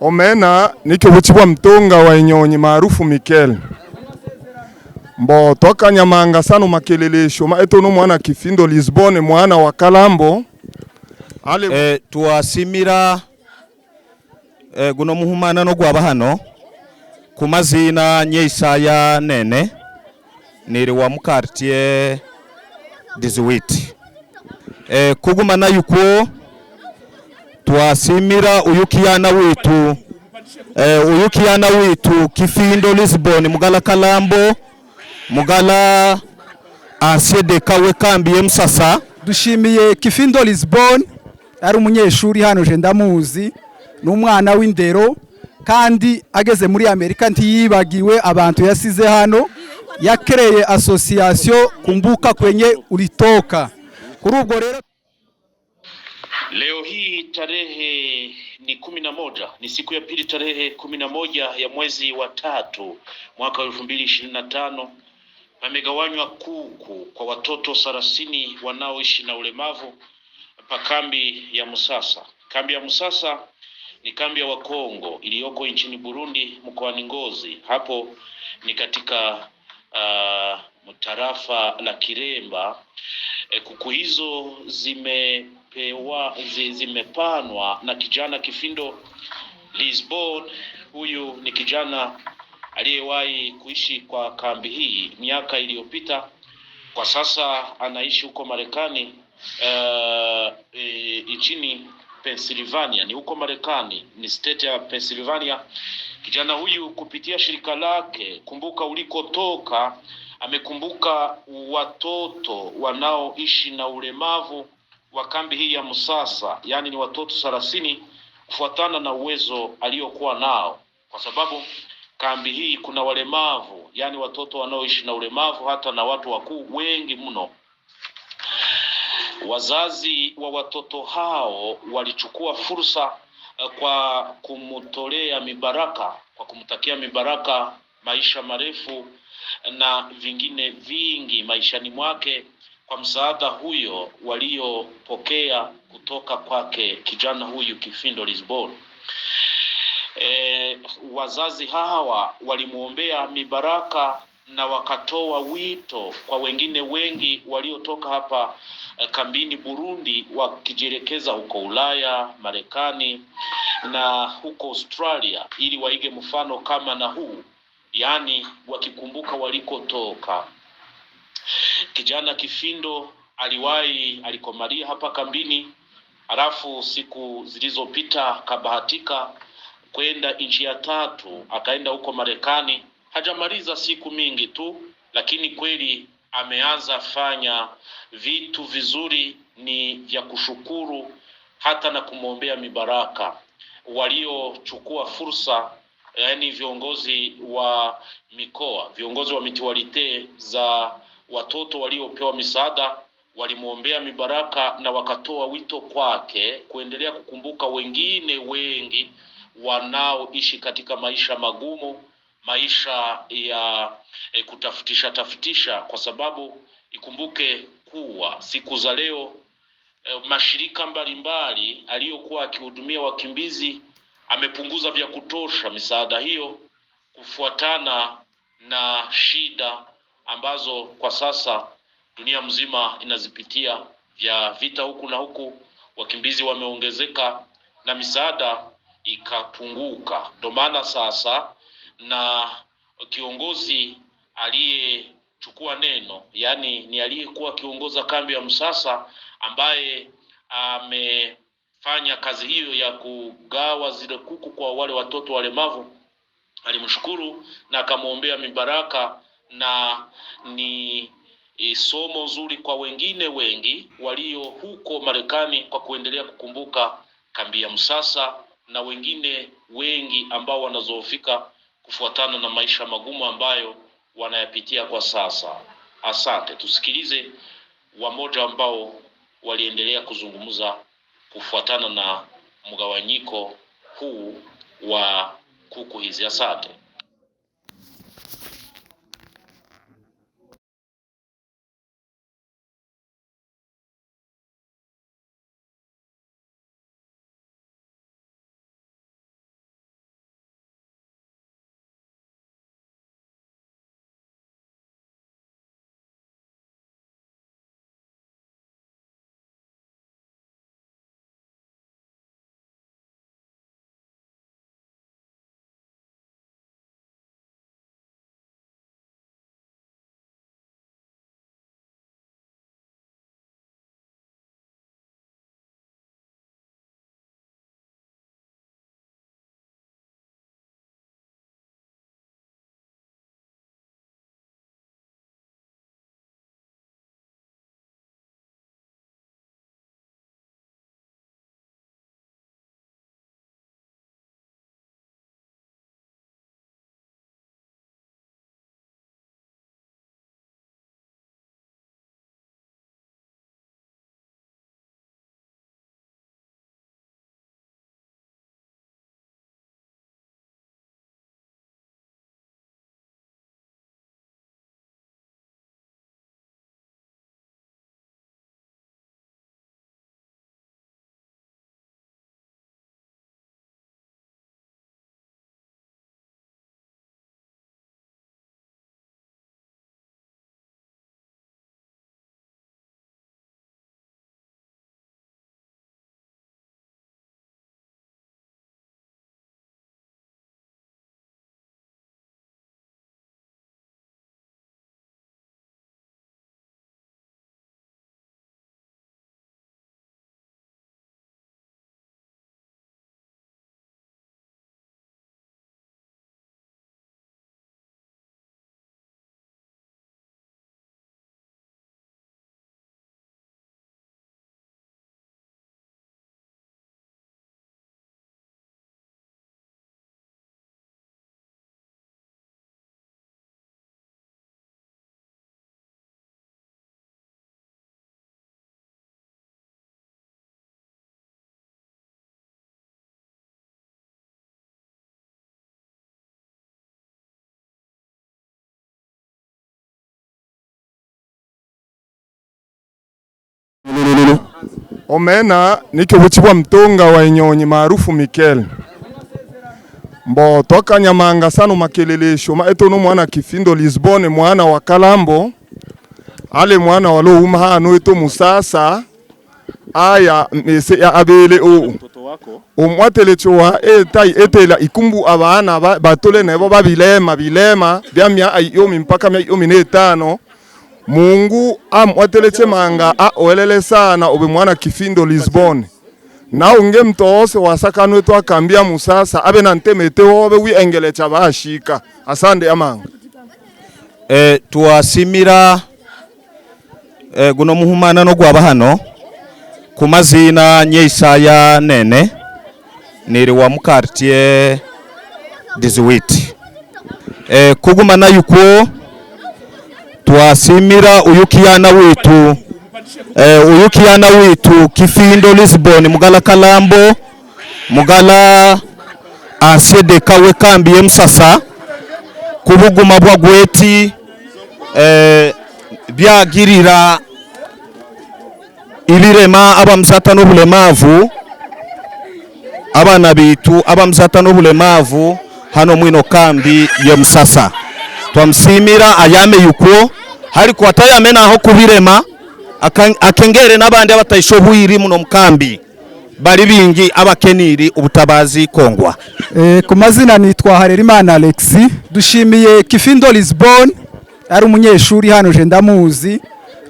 omena nikio buchibwa mtunga wa inyonyi maarufu Mikel mbo twakanyamanga sana makelelesho maeto no mwana kifindo Lisbon mwana wa Kalambo ale eh, tuwasimira eh, guno muhumana no gwaba hano kumazina ya nene niri wa mukartie diziwiti eh, nayo yuko twasimira uyukiana witu e, eh, uyukiana witu kifindo Lisbon mugala kalambo mugala ansedeka wekambiye musasa dushimiye kifindo Lisbon ari umunyeshuri hano je ndamuzi ni w'indero kandi ageze muri Amerika ntiyibagiwe abantu yasize hano yakereye association kumbuka kwenye ulitoka kuri ubwo rero Leo hii tarehe ni kumi na moja ni siku ya pili tarehe kumi na moja ya mwezi wa tatu mwaka elfu mbili ishirini na tano pamegawanywa kuku kwa watoto thelathini wanaoishi na ulemavu pa kambi ya Musasa. Kambi ya Musasa ni kambi ya Wakongo iliyoko nchini Burundi mkoani Ngozi. Hapo ni katika uh, tarafa la Kiremba. E, kuku hizo zime zimepewa zimepanwa na kijana Kifindo Lisbon. Huyu ni kijana aliyewahi kuishi kwa kambi hii miaka iliyopita. Kwa sasa anaishi huko Marekani uh, e, nchini Pennsylvania, ni huko Marekani, ni state ya Pennsylvania. Kijana huyu kupitia shirika lake Kumbuka Ulikotoka amekumbuka watoto wanaoishi na ulemavu wa kambi hii ya Musasa, yaani ni watoto thelathini kufuatana na uwezo aliokuwa nao, kwa sababu kambi hii kuna walemavu, yaani watoto wanaoishi na ulemavu hata na watu wakuu wengi mno. Wazazi wa watoto hao walichukua fursa eh, kwa kumtolea mibaraka, kwa kumtakia mibaraka, maisha marefu na vingine vingi maishani mwake kwa msaada huyo waliopokea kutoka kwake kijana huyu Kifindo Lisbon. E, wazazi hawa walimwombea mibaraka na wakatoa wito kwa wengine wengi waliotoka hapa e, kambini Burundi wakijielekeza huko Ulaya, Marekani na huko Australia ili waige mfano kama na huu, yaani wakikumbuka walikotoka Kijana Kifindo aliwahi alikomalia hapa kambini, halafu siku zilizopita kabahatika kwenda nchi ya tatu, akaenda huko Marekani. Hajamaliza siku mingi tu, lakini kweli ameanza fanya vitu vizuri, ni vya kushukuru hata na kumwombea mibaraka waliochukua fursa, yaani viongozi wa mikoa, viongozi wa mitiwalite za watoto waliopewa misaada walimwombea mibaraka na wakatoa wito kwake kuendelea kukumbuka wengine wengi wanaoishi katika maisha magumu, maisha ya e, kutafutisha tafutisha, kwa sababu ikumbuke kuwa siku za leo e, mashirika mbalimbali aliyokuwa akihudumia wakimbizi amepunguza vya kutosha misaada hiyo kufuatana na shida ambazo kwa sasa dunia mzima inazipitia vya vita huku na huku, wakimbizi wameongezeka na misaada ikapunguka. Ndio maana sasa na kiongozi aliyechukua neno, yaani ni aliyekuwa akiongoza kambi ya Msasa ambaye amefanya kazi hiyo ya kugawa zile kuku kwa wale watoto walemavu, alimshukuru na akamwombea mibaraka na ni e, somo zuri kwa wengine wengi walio huko Marekani kwa kuendelea kukumbuka kambi ya Msasa na wengine wengi ambao wanazoofika kufuatana na maisha magumu ambayo wanayapitia kwa sasa. Asante, tusikilize wamoja ambao waliendelea kuzungumza kufuatana na mgawanyiko huu wa kuku hizi. Asante. omena nikio buchibwa mtunga wa inyonyi maarufu Mikel mbo twakanyamanga sana makelelesho maeto no mwana kifindo Lisbon mwana wa Kalambo ale mwana walouma hano eto musasa aya mese ya abele o omwatelechowa etai etela ikumbu abana batole nabo babilema bilema byamya ayomi mpaka mya yomi netano Mungu amwateletse manga aolele sana ube mwana kifindo Lisbon naunge mtu wose wasakanwe akambia musasa abe na ntemete wobe cha bashika asande amanga e, tuasimira e, guno no gwaba hano kumazina nyeisaya nene niri wa mukartie 18 e, na yuko twasimira uyukiana witu eh, uyu uyukiana witu kifindo Lisbon mugala kalambo mugala kambi ye musasa kubuguma bwa gweti eh, byagirira ibirema abamusata n'obulemavu abana bitu abamusata n'obulemavu hano mwino kambi ye musasa twamusimira ayame yuko hariko atayame naho kubirema akengere n'abandi abatayishoboyiri muno mukambi bari bingi abakeniri ubutabazi kongwa e, ku mazina nitwa Harerimana Alexi dushimiye Kifindo Lisbon ari umunyeshuri hano je ndamuzi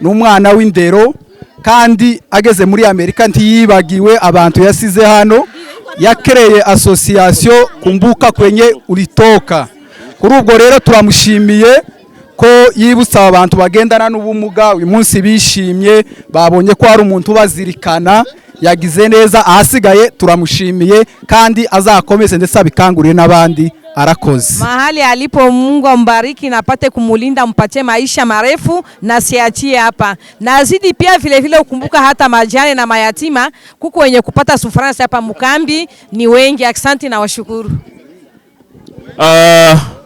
n'umwana w'indero kandi ageze muri Amerika ntiyibagiwe abantu yasize hano yakereye association kumbuka kwenye ulitoka kuri ubwo rero turamushimiye ko yibutsa abantu bagendana n'ubumuga uyu munsi bishimye babonye ko hari umuntu ubazirikana yagize neza ahasigaye turamushimiye kandi azakomeze ndetse abikangurire n'abandi arakoze mahali alipo Mungu ambariki na pate kumulinda mpatie maisha marefu na siachie hapa. Nazidi pia vile vile ukumbuka hata majane na mayatima kuko wenye kupata sufrance hapa Mukambi ni wengi. Asante na washukuru uh...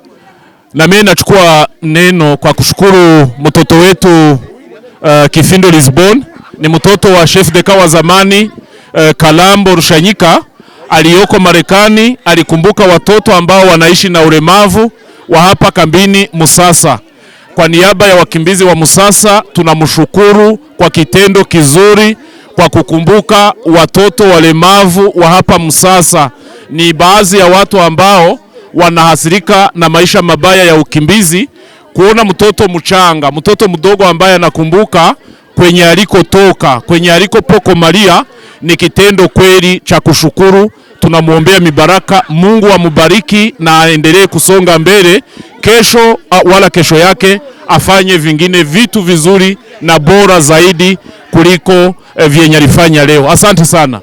Na mimi nachukua neno kwa kushukuru mtoto wetu uh, Kifindo Lisbon ni mtoto wa chef de kawa zamani uh, Kalambo Rushanyika aliyoko Marekani. Alikumbuka watoto ambao wanaishi na ulemavu wa hapa kambini Musasa. Kwa niaba ya wakimbizi wa Musasa tunamshukuru kwa kitendo kizuri kwa kukumbuka watoto walemavu wa hapa Musasa. Ni baadhi ya watu ambao wanahasirika na maisha mabaya ya ukimbizi, kuona mtoto mchanga, mtoto mdogo ambaye anakumbuka kwenye alikotoka, kwenye alikopoko Maria, ni kitendo kweli cha kushukuru. Tunamwombea mibaraka, Mungu amubariki na aendelee kusonga mbele, kesho wala kesho yake afanye vingine vitu vizuri na bora zaidi kuliko eh, vyenye alifanya leo. Asante sana.